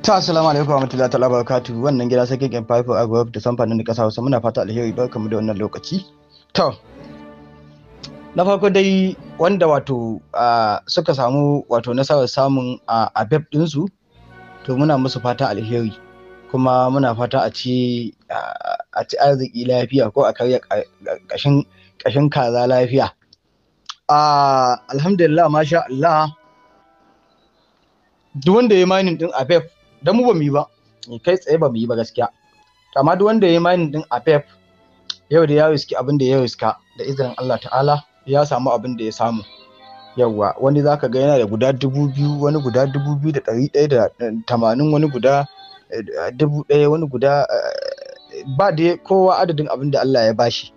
ta assalamu alaikum ta labar katu wannan gida sai kin faifo a gwab da samfanin da kasa Hausa muna fata alheri barkamu da wannan lokaci to na farko dai wanda wato suka samu wato nasarar samun a beb ɗinsu to muna musu fata alheri kuma muna fata a ci a ci arziki lafiya ko a karya kashin kaza lafiya alhamdulillah masha Allah duk wanda ya mainin din a beb dan mu ba mu yi ba eh, kai tsaye ba mu yi ba gaskiya amma duk wanda ya yi mining din a pep yau da ya riski abin da ya riska da izinin Allah ta'ala ya samu abin da ya samu yawwa wani zaka ga yana da guda dubu biyu wani guda dubu biyu da ɗari ɗaya da eh, tamanin wani guda eh, dubu ɗaya wani guda ba da kowa adadin abin da Allah ya bashi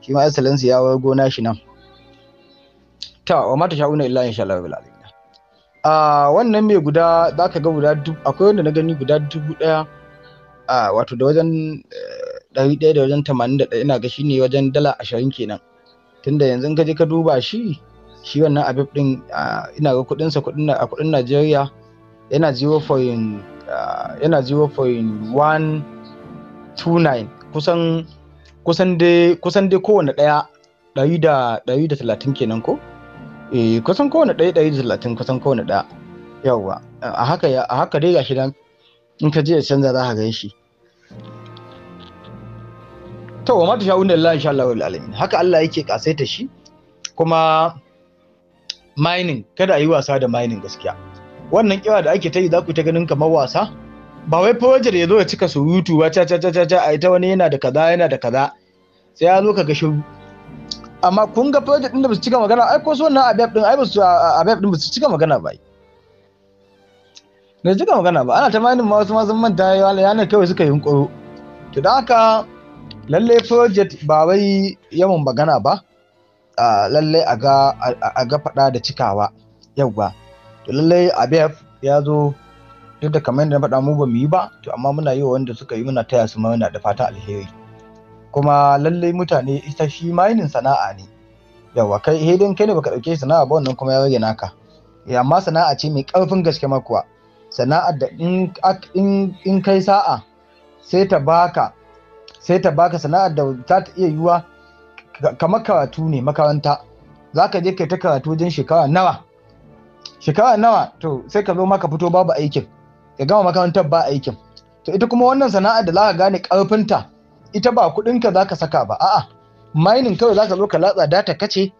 shi ma ya wargo nashi nan ta wa mata sha'una illa insha Allah bil a wannan mai guda za ka ga guda dubu akwai wanda na gani guda dubu ɗaya a wato da wajen eh, ɗari ɗaya da wajen tamanin da ɗaya ina ga shi ne wajen dala ashirin kenan tunda yanzu ka je ka duba shi shi wannan abib ɗin ina ga kuɗinsa a kuɗin najeriya yana zero 0.1 yana zero nine kusan kusan dai kowane ɗaya ɗari da talatin kenan ko eh kusan kowane ɗaya ɗari da talatin kusan kowane ɗaya yawwa a haka a haka dai gashi nan in ka je da canza za ka gan shi to wa mata sha'un da Allah insha Allah wal alamin haka Allah yake kasaita shi kuma mining kada a yi wasa da mining gaskiya wannan kiwa da ake ta yi za ku ta ganin kamar wasa ba wai fawajar ya zo ya cika surutu ba cha cha cha cha a ita wani yana da kaza yana da kaza sai ya zo ka ga shiru amma kun ga project din da basu cika magana ai ko su wannan abep din ai basu abep din basu cika magana ba ne cika magana ba ana ta manin ma wasu ma sun manta yanar kawai suka yi hunkuru to da haka lalle project ba wai yawan magana ba lalle a ga faɗa da cikawa yauwa to lalle Abeb ya zo duk da kamar yadda na faɗa mu ba mu yi ba to amma muna yi wa wanda suka yi muna taya su ma muna da fata alheri kuma lallai mutane ita shi ma'inin sana'a ne yawa kai hidin kai ne baka dauke sana'a ba wannan kuma ya rage naka eh, amma sana'a ce mai karfin gaske ma kuwa sana'a da in in kai sa'a sai ta baka sai ta baka sana'a da za ta iya yiwa kamar karatu ne makaranta za ka je kai ta karatu wajen shekara nawa shekara nawa to sai ka zo maka fito babu aikin ka gama makarantar ba aikin to ita kuma wannan sana'ar da za ka gane karfinta ita ba kuɗinka za ka saka ba a'a mining kawai za ka zo ka latsa data ce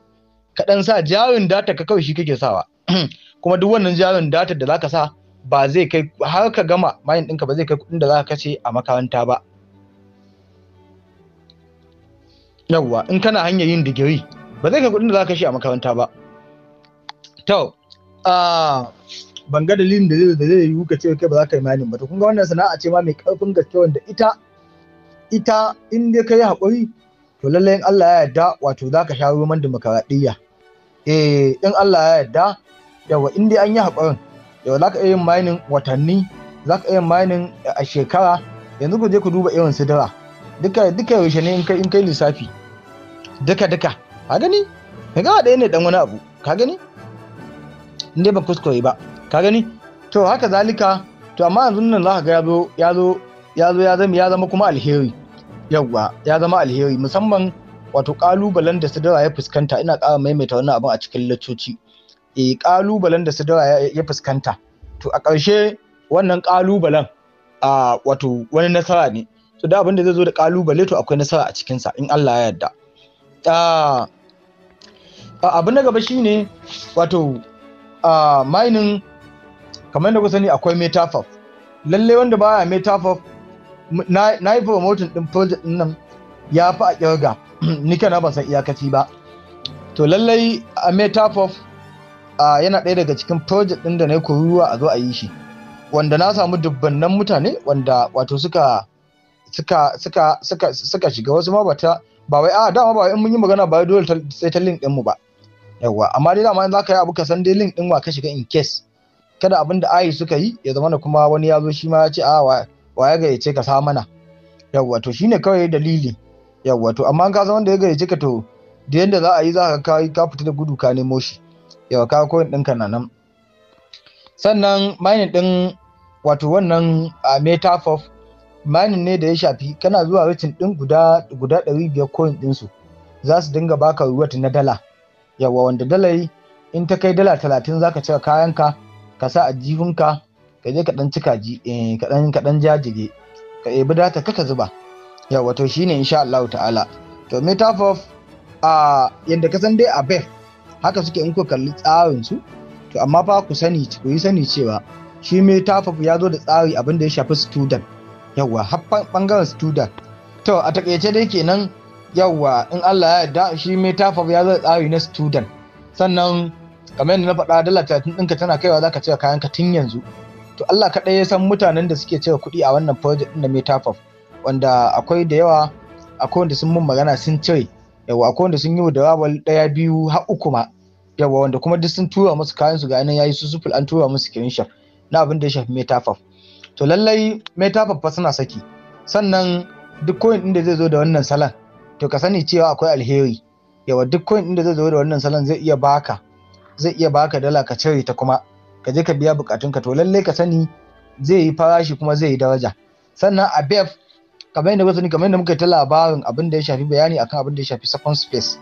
ka dan sa jarin data ka kawai shi kake sawa kuma duk wannan jarin data da za ka sa ba zai kai har ka gama mining ɗinka ba zai kai kuɗin da za ka kace a makaranta ba yawwa in kana hanyar yin digiri ba zai kai kuɗin da za ka kashe a makaranta ba to ban ga dalilin da zai da zai yiwu ka ce kai ba za ka yi mining ba to kun ga wannan sana'a ce ma mai karfin gaske wanda ita ita in dai ka yi haƙuri to lallai in Allah ya yarda wato za ka sha roman dimokuraɗiyya eh in Allah ya yarda yawa in dai an yi haƙurin yawa za ka iya yin mining watanni za ka iya mining a shekara yanzu ku je ku duba irin sidira duka duka yaushe ne in kai in kai lissafi duka duka ka gani ka ga ɗaya ne dan wani abu ka gani in dai ba kuskure ba ka gani to haka zalika to amma yanzu nan za ka ga ya zo ya zo ya zama ya zama kuma alheri yawwa ya zama alheri musamman wato kalubalen da sidira ya fuskanta ina ƙara maimaita wannan abin a cikin laccoci E, eh, kalubalen da sidira ya fuskanta to a ƙarshe wannan kalubalen a wato wani nasara ne to da abin da zai zo da kalubale to akwai nasara a cikinsa in Allah ya yarda A abu na gaba shine wato mining kamar da ku sani akwai metaphor lalle wanda baya metaphor na yi promoting din project din nan ya fi a kirga ni na ban san iyakaci ba to lallai a metapof yana ɗaya daga cikin project ɗin da na yi kuruwa a zo a yi shi wanda na samu dubbannan mutane wanda wato suka shiga wasu ma bata ba wai a dama ba in mun yi magana ba dole sai ta link din mu ba yawa amma dai dama in zaka yi abu ka san dai link din wa ka shiga in case kada abin da ayi suka yi ya zama kuma wani ya zo shi ma ya ce a wa ya gayyace ka sa mana yawwa to shine kawai dalili yawwa to amma ka san wanda ya gayyace ka to da yanda za a yi za ka ka fita da gudu ka nemo shi yawa ka koyin ɗinka na nan sannan mining ɗin wato wannan a metaphor mining ne da ya shafi kana zuwa wacin ɗin guda guda ɗari biyar din ɗinsu za su dinga baka ruwat na dala yawa wanda dalai in ta kai dala talatin zaka ka cire kayanka ka sa a jifinka ka je ka dan cika ji eh ka dan ka dan jajige ka ebi data ka zuba ya wato shine insha Allah ta'ala to metaphor a yadda ka san dai a bef haka suke in ku kalli tsawon su to amma fa ku sani ku yi sani cewa shi metaphor ya zo da tsari abin da ya shafi student yawa har bangaren student to a takaice dai kenan yawa in Allah ya yarda shi metaphor ya zo da tsari na student sannan kamar yadda na faɗa dala 30 ɗinka tana kaiwa zaka cewa kayan ka tun yanzu to Allah kaɗai ya san mutanen da suke cire kuɗi a wannan project ɗin da metafab wanda akwai da yawa akwai wanda sun mun magana sun cire yawa akwai wanda sun yi wa rabal ɗaya biyu har uku ma yawa wanda kuma duk sun tura musu kayan su ga nan yayi susuful an tura musu screenshot na abin da ya shafi metafab to lallai metafab fa suna saki sannan duk coin ɗin da zai zo da wannan salon to ka sani cewa akwai alheri yawa duk coin ɗin da zai zo da wannan salon zai iya baka zai iya baka dala ka cire ta kuma ka je ka biya bukatunka to lallai ka sani zai yi farashi kuma zai yi daraja sannan a bef kamar yadda sani kamar yadda muka ta labarin abin da ya shafi bayani akan abin da ya shafi second space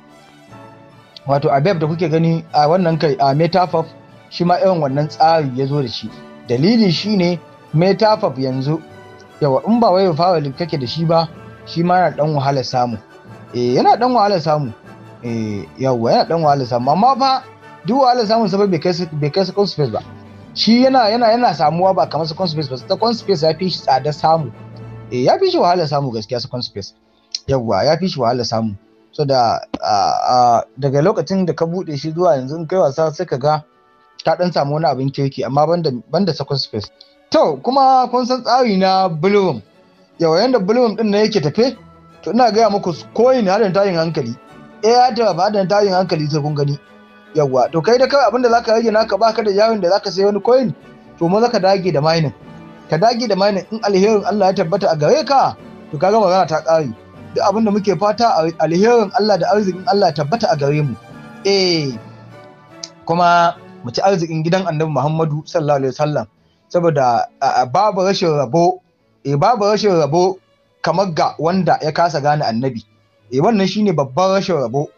wato a bef da kuke gani a wannan kai a metafaf shi ma irin wannan tsari ya zo da shi dalili shi ne metafaf yanzu yawa in ba wai fawali kake da shi ba shi ma yana dan wahala samu eh yana dan wahala samu eh yawa yana dan wahala samu amma fa duk wahala samun sabai bai kai sakon space ba shi yana yana yana samuwa ba kamar sakon space ba Sakon space ya fi shi tsada samu eh ya fi shi wahala samu gaskiya sakon space yawwa ya fi shi wahala samu so da daga lokacin da ka bude shi zuwa yanzu in kai wasa sai ka ga ta dan samu wani abin kirki amma banda banda second space to kuma kun san tsari na bloom yawa yanda bloom din na yake tafe to ina gaya muku koyin da tayin hankali eh ya ta ba da tayin hankali sai kun gani yawa to kai da kawai abinda zaka rage naka baka da jarin da zaka sayi wani coin to mu ka dage da mining ka dage da mining in alherin Allah ya tabbata a gare ka to kaga magana ta kare duk abinda muke fata alherin Allah da arzikin Allah ya tabbata a gare mu eh kuma mu ci arzikin gidan Annabi Muhammadu sallallahu alaihi wasallam saboda babu rashin rabo eh babu rashin rabo kamar ga wanda ya kasa gane annabi eh wannan shine babban rashin rabo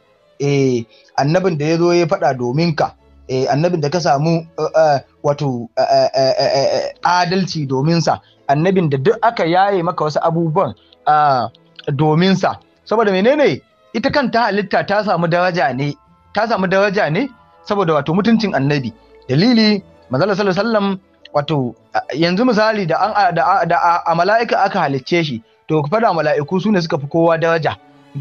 eh annabin da ya zo ya faɗa domin ka eh annabin da ka samu eh, eh, wato eh, adalci domin sa annabin da duk aka yaye maka wasu abubuwan ah, domin sa saboda menene ita kanta halitta ta samu daraja ne ta samu daraja ne saboda wato mutuncin annabi dalili manzala sallallahu alaihi wasallam wato yanzu misali da an da a mala'ika aka halicce shi to ku fada mala'iku su ne suka fi kowa daraja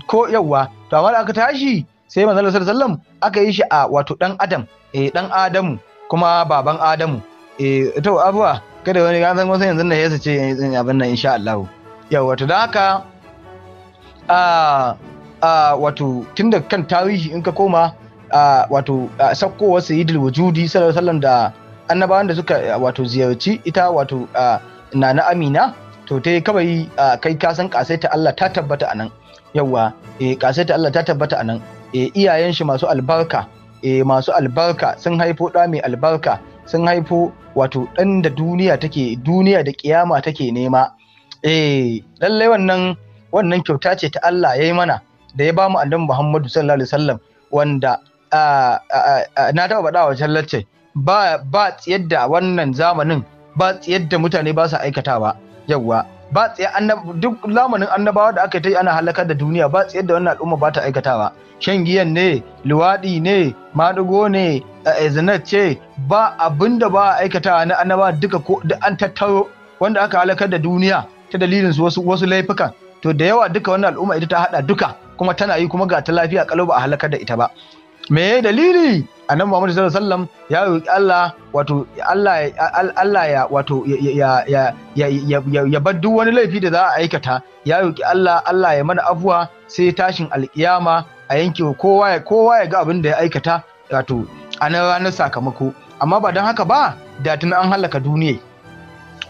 ko yawwa to amma aka tashi sai manzon Allah sallallahu aka yi shi a wato dan adam eh dan adamu kuma baban adamu eh to abuwa kada wani ga san yanzu ne yasa ce abin nan insha Allah yawa to dan haka a a wato tunda kan tarihi in ka koma a wato sakkowar sayyidul wujudi sallallahu alaihi da annabawan da suka wato ziyarci ita wato nana amina to ta yi kawai kai kasan kasaita Allah ta tabbata a nan yawa eh kasaita Allah ta tabbata a nan e, iyayen shi masu albarka e, masu albarka sun haifo ɗa mai albarka sun haifo wato ɗan da duniya take duniya da kiyama take nema e, lallai wannan wannan kyauta ce ta Allah ya yi mana da ya bamu annabi Muhammadu sallallahu alaihi wasallam wanda na taɓa faɗa wa ba ba yadda wannan zamanin ba yadda mutane ba su yau yawwa ba tsaye duk zamanin annabawa da aka yi ana halakar da duniya ba tsaye da wannan al'umma ba ta aikatawa shan giyan ne luwaɗi ne madugo ne eh, eh, zinat ce ba abin da ba aikatawa na annabawa duka ko duk an tattaro wanda aka halakar da duniya ta dalilin su wasu wasu laifukan to da yawa duka wannan al'umma ita ta hada duka kuma tana yi kuma ga ta lafiya kalau ba a halakar da ita ba me dalili annabi Muhammad sallallahu alaihi wasallam ya roki Allah wato Allah Allah ya wato ya ya ya ya bar duk wani laifi da za a aikata ya roki Allah Allah ya mana afuwa sai tashin alkiyama a yanke kowa ya kowa ya ga abin da ya aikata wato a ranar sakamako amma ba don haka ba da tuni an halaka duniya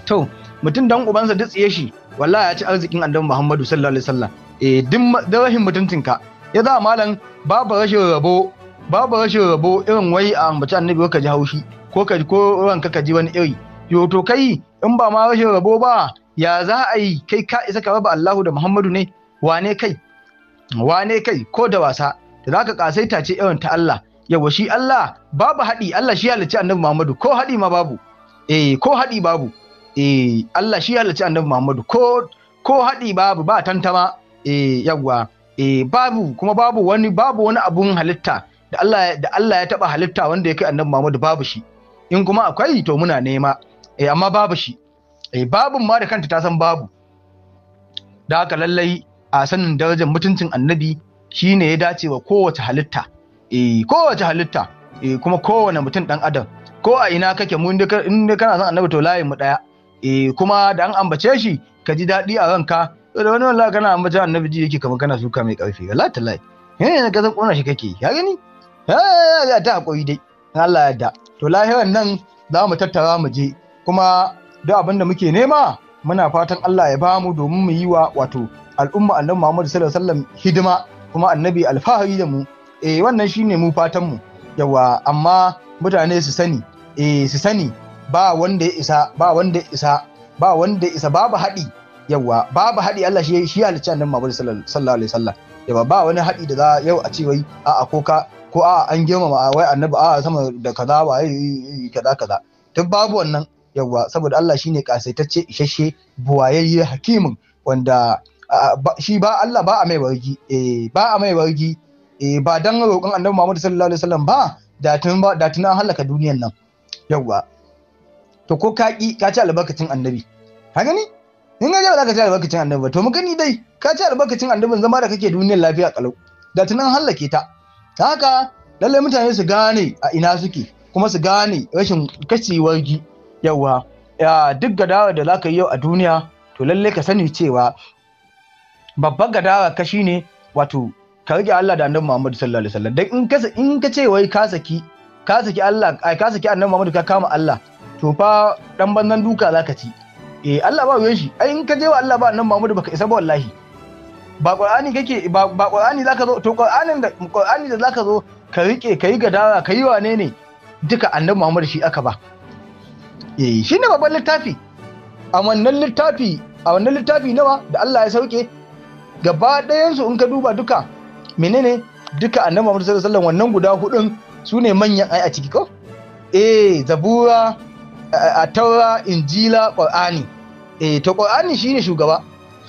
to mutum dan ubansa duk tsiye shi wallahi ya ci arzikin annabi Muhammadu sallallahu alaihi wasallam eh duk da rashin mutuncinka ya za malam babu rashin rabo babu rashin rabo irin wai a ambaci annabi ka ji haushi ko ka ko ranka ka ji wani iri yo to kai in ba ma rashin rabo ba ya za a yi kai ka isa ka raba Allahu da Muhammadu ne wane kai wane kai ko da wasa da zaka kasaita ce irin ta Allah yawa shi Allah babu haɗi Allah shi halicci annabi Muhammadu ko haɗi ma babu eh ko haɗi babu eh Allah shi halicci annabi Muhammadu ko ko haɗi babu ba tantama eh yawa eh babu kuma babu wani babu wani abun halitta da Allah da Allah ya taba halitta wanda ya kai annabi Muhammadu babu shi in kuma akwai to muna nema eh amma babu shi eh babun ma da kanta ta san babu da haka lallai a sanin darajar mutuncin annabi shine ya dace wa kowace halitta eh kowace halitta eh kuma kowane mutum dan adam ko a ina kake mu in kana son annabi to layin mu daya eh kuma da an ambace shi ka ji daɗi a ranka da wani wallahi kana ambace annabi ji yake kamar kana suka mai karfi wallahi tallahi eh ga san kona shi kake ya gani Eh, ya ta haƙuri dai Allah ya da to lahiran nan za mu tattara mu je kuma duk abin da muke nema muna fatan Allah ya bamu domin mu yi wa wato al'umma annabi Muhammad sallallahu alaihi wasallam hidima kuma annabi alfahari da mu eh wannan shine mu fatan mu yawa amma mutane su sani eh su sani ba wanda ya isa ba wanda ya isa ba wanda ya isa babu haɗi yawa babu haɗi Allah shi shi halicci annabi Muhammad sallallahu alaihi wasallam yawa ba wani haɗi da za yau a ce wai a'a ko ka ko a an girmama wai annabi a sama da kaza ba kaza kaza duk babu wannan yawa saboda Allah shine kasaitacce isasshe buwayayye hakimin wanda shi ba Allah ba a mai wargi eh ba a mai wargi eh ba dan roƙon annabi Muhammad sallallahu alaihi wasallam ba da tun ba da tun an halaka duniyar nan yawa to ko ka ki ka ci albarkacin annabi ka gani in ga ba za ka ci albarkacin annabi ba to mu gani dai ka ci albarkacin annabin zama da kake duniyar lafiya kalau da tun an halake ta ta haka lallai mutane su gane a ina suke kuma su gane rashin kacewar gi yawa duk gadawa da zaka yi yau a duniya to lallai ka sani cewa babban gadawa ka shine wato ka rike Allah da annabi Muhammad sallallahu alaihi wasallam dan in ka in ka ce wai ka saki ka saki Allah ai ka saki annabi Muhammad ka kama Allah to fa dan bannan duka zaka ci eh Allah ba ruwan shi ai in ka je wa Allah ba annabi Muhammad baka isa ba wallahi ba qur'ani kake ba qur'ani zaka zo to qur'anin da qur'ani da zaka zo ka rike ka yi gadara ka yi wane ne duka annabi Muhammad shi aka ba eh shine babban littafi a wannan littafi a wannan littafi nawa da Allah ya sauke gaba ɗayan su in ka duba duka menene duka annabi Muhammad sallallahu alaihi wasallam wannan guda hudun su ne manyan ai a ciki ko eh zabura a taura injila qur'ani eh to qur'ani shine shugaba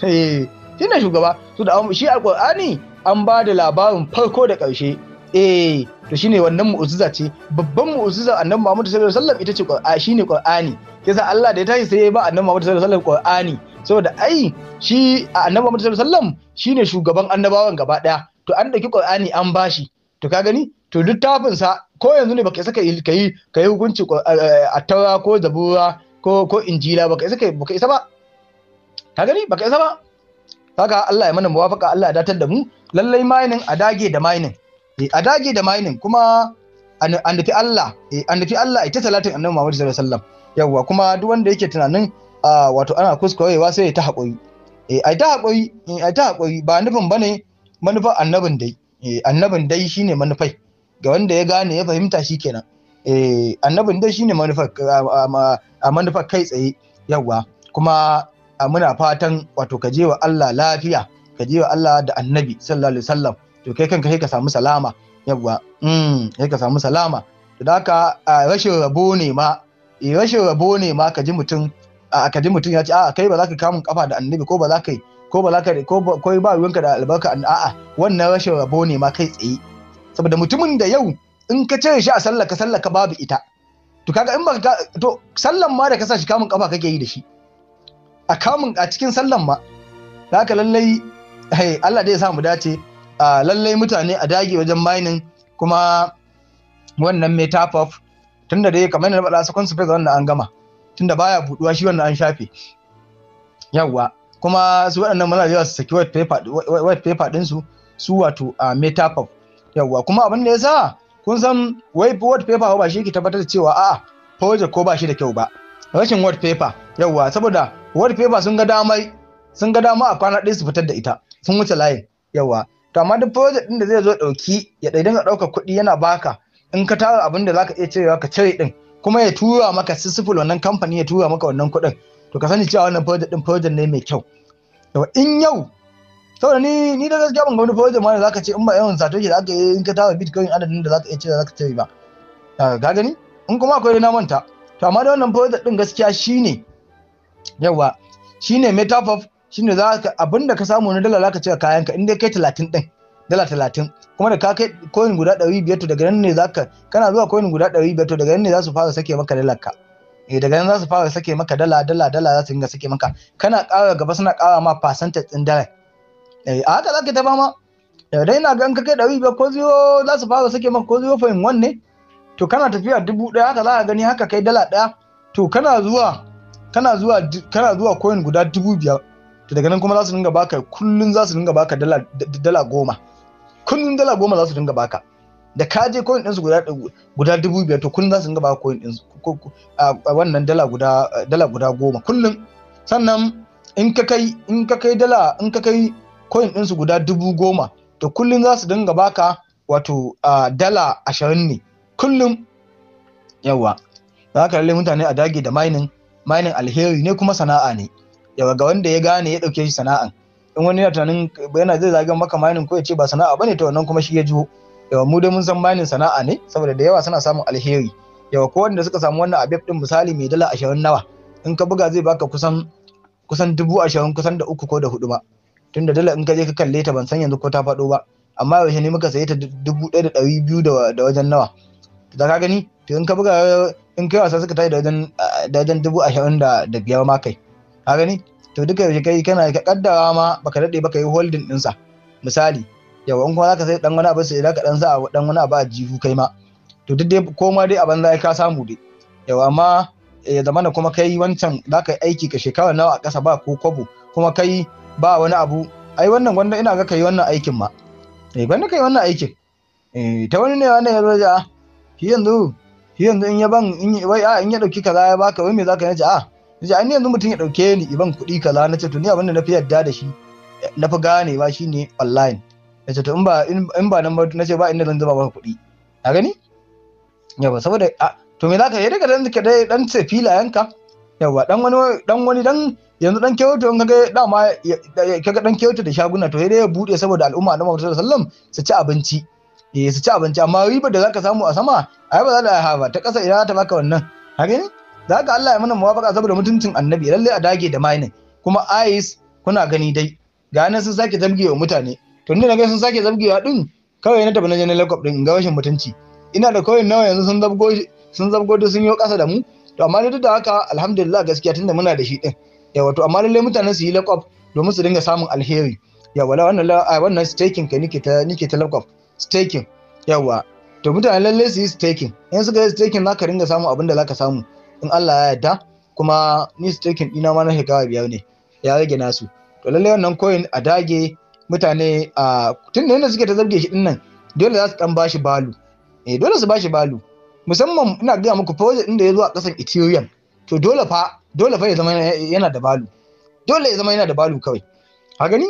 eh shine shugaba su da shi alkur'ani an ba da labarin farko da ƙarshe eh to shine wannan mu'ujiza ce babban mu'ujiza annabi Muhammad sallallahu alaihi wasallam ita ce qur'ani shine qur'ani yasa Allah da ya tashi sai ya ba annabi Muhammad sallallahu alaihi wasallam qur'ani saboda ai shi annabi Muhammad sallallahu alaihi wasallam shine shugaban annabawan gaba daya to an ɗauki qur'ani an bashi to ka gani to littafin sa ko yanzu ne baka isa kai kai hukunci hukunci attaura ko zabura ko ko injila baka baka isa ba ka gani baka isa ba kaga Allah ya mana muwafaka Allah ya datar da mu lallai mining a dage da mining eh, a dage da mining kuma an nufi Allah eh, an nufi Allah ita talatin annabi Muhammad sallallahu alaihi wasallam yawwa kuma duk wanda yake tunanin wato ana kuskurewa sai ya ta haƙuri eh, ai ta haƙuri ai ta haƙuri ba nufin bane manufar annabin dai annabin dai shine manufai ga wanda ya gane ya fahimta shikenan eh annabin dai shine manufar a manufar kai tsaye yawwa kuma muna fatan wato ka je wa Allah lafiya ka je wa Allah da annabi sallallahu alaihi wasallam to kai kanka sai ka samu salama yawwa mm sai ka samu salama to da haka rashin rabo ne ma eh, rashin rabo ne ma ka ji mutum ka ji mutum ya ce a kai ba za ka kamun kafa da annabi ko ba za ka ko ba za ka ko ba ruwanka da albarka a'a wannan rashin rabo ne ma kai tsaye saboda mutumin da yau in ka cire shi a sallaka ka ka babu ita to kaga in ba to sallan ma da ka sa shi kamun kafa kake yi da shi a kamun a cikin sallan ma ka lallai hey, Allah dai ya samu dace uh, lallai mutane a dage wajen mining kuma wannan mai up tunda dai kamar na bada sakon space wannan an gama tunda baya buduwa shi wannan an shafe yawwa kuma su waɗannan muna yawa su saki white paper white paper din su su wato a mai tap up yawwa kuma abin da yasa kun san wai white paper ba shi ke tabbatar da cewa a'a project ko ba shi da kyau ba rashin white paper yawwa saboda word paper sun ga damai sun ga dama a kwana ɗaya su fitar da ita sun wuce layin yawa to amma duk project ɗin da zai zo ɗauki ya ɗai dinga ɗaukar kuɗi yana baka in ka tara abin da zaka iya cirewa ka cire ɗin kuma ya tura maka sisifil wannan kamfani ya tura maka wannan kuɗin to ka sani cewa wannan project ɗin project ne mai kyau yawa in yau saboda ni ni da gaskiya ban ga wani project ma da zaka ce in ba yawan sato ke da aka yi in ka tara bitcoin adadin da zaka iya cire zaka cire ba ah, ka gani in kuma akwai na manta to amma da wannan project ɗin gaskiya shine yawa shine metaphor shine za ka abinda ka samu na dala zaka cika ka in dai kai talatin ɗin dala talatin kuma da ka kai koyin guda ɗari biyar to daga nan ne zaka kana zuwa koyin guda ɗari biyar to daga nan ne za su fara sake maka dalar ka eh daga nan za su fara sake maka dala dala dala za su dinga sake maka kana ƙara gaba suna ƙara ma fasanta ɗin dala eh a haka za ka ta fama da eh, dai na in ka kai biyar ko ziyo za su fara sake maka ko ziyo fahim wanne to kana tafiya dubu ɗaya haka za ka gani haka kai dala ɗaya to kana zuwa kana zuwa kana zuwa coin guda dubu biyar to daga nan kuma za su dinga baka kullun za su dinga baka dala dala goma kullun dala goma za su dinga baka da ka je coin ɗinsu guda guda dubu biyar to kullun za su dinga baka coin ɗinsu wannan dala guda dala guda goma kullun sannan in ka kai in ka kai dala in ka kai coin ɗinsu guda dubu goma to kullun za su dinga baka wato dala ashirin ne kullum yawa za ka lalle mutane a dage da mining mining alheri ne kuma sana'a ne yawa ga wanda ya gane ya dauke shi sana'an in wani yana tunanin yana zai zage maka mining ko ya ce ba sana'a bane to wannan kuma shi ya jiho yawa mu dai mun san mining sana'a ne saboda da yawa suna samun alheri yawa ko wanda suka samu wannan abep din misali mai dala ashirin nawa in ka buga zai baka kusan kusan dubu ashirin kusan da uku ko da hudu ba tunda dala in ka je ka kalle ta ban san yanzu ko ta faɗo ba amma yaushe ne muka saye ta dubu ɗaya da ɗari biyu da wajen nawa da ka gani to in ka buga in kai wasa suka tashi da wajen dubu ashirin da biyar ma kai ka gani to duka yaushe kai kana ka kaddara ma baka daɗe baka yi holding ɗinsa misali yawa in kuma zaka sai dan wani abu sai zaka dan sa dan wani abu a jihu kai ma to duk dai koma dai a banza ka samu dai yawa amma ya na kuma kai wancan zaka yi aiki ka shekara nawa a ƙasa ba ko kwabo kuma kai ba wani abu ai wannan gwanda ina ga kai wannan aikin ma eh gwanda kai wannan aikin eh ta wani ne wannan ya zo ja shi yanzu yanzu in ya ban in wai a in ya dauki kaza ya baka wai me zaka yi a nace ai yanzu mutum ya dauke ni iban kuɗi kaza nace to ni abin da na fi yadda da shi na fi shi shine online ce to in ba in ba nan ba nace ba inda zan zuba baka kuɗi a gani yawa saboda a to me zaka yi daga dan ka dai dan ce filayenka yawa dan wani dan wani dan yanzu dan kyoto in kaga dama kaga dan kyoto da shaguna to sai dai ya bude saboda al'umma na Muhammadu sallallahu alaihi wasallam su ci abinci eh su ci abinci amma ribar da zaka samu a sama ai ba za da ba. ta kasa idan ta baka wannan ka zaka Allah ya mana muwafaka saboda mutuncin annabi lalle a dage da mining kuma ais kuna gani dai ga nan sun sake zamgewa mutane to ni ga sun sake zamgewa din kawai na tabbana janar lakwab din ga rashin mutunci ina da kawai nawa yanzu sun zabgo sun zabgo sun yi kasa da mu to amma duk da haka alhamdulillah gaskiya tunda muna da shi din yawa to amma lalle mutanen su yi lakwab domin su dinga samun alheri yawa wannan wannan staking ka nike ta nike ta staking yawa to mutane lalle su yi staking in suka yi staking za ka ringa samu abin da za ka samu in Allah ya yarda kuma ni staking ɗina ma na shekara biyar ne ya rage nasu to lalle wannan coin a dage mutane a tun da yadda suke ta zabge shi dinnan dole za su dan bashi balu eh dole su bashi balu musamman ina gaya muku project din da ya zo a kasan Ethereum to dole fa dole fa ya zama yana da balu dole ya zama yana da balu kawai a gani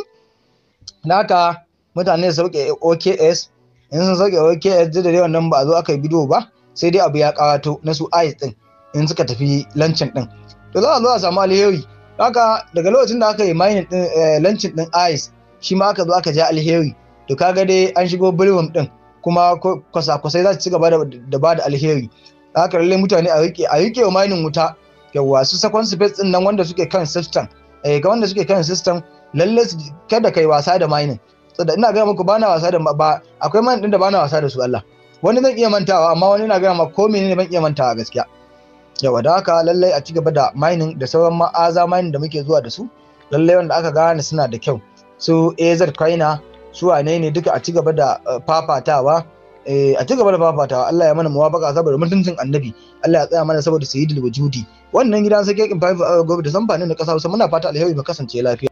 haka mutane su rike OKS in sun sauke wa KSD da nan ba a zo aka yi bidiyo ba sai dai abu ya karato na su ayis din in suka tafi lancin din to za a zo a samu alheri haka daga lokacin da aka yi mining din eh, lancin din ayis shi ma aka zo aka ja alheri to kaga dai an shigo bulwum din kuma kwasa-kwasai za su ci gaba da ba da alheri haka lalle mutane a rike a rike wa mining wuta yawa su sakon space din nan wanda suke kan system eh ga wanda suke kan system lalle kada kai wasa da mining saboda ina gaya muku bana wasa da ba akwai man din da bana wasa da su Allah wani zan iya mantawa amma wani ina gaya ma ko menene ban iya mantawa gaskiya yawa da haka lallai a cigaba da mining da sauran ma'aza mining da muke zuwa da su lallai wanda aka gane suna da kyau su AZ Kaina su wane ne duka a cigaba da eh, fafatawa eh, a cigaba da fafatawa Allah ya mana muwafaka saboda mutuncin annabi Allah ya tsaya mana saboda sayyidul wujudi wannan gidan sai kekin 5 eh, gobe da ne na kasa Hausa muna fata alheri ba kasance lafiya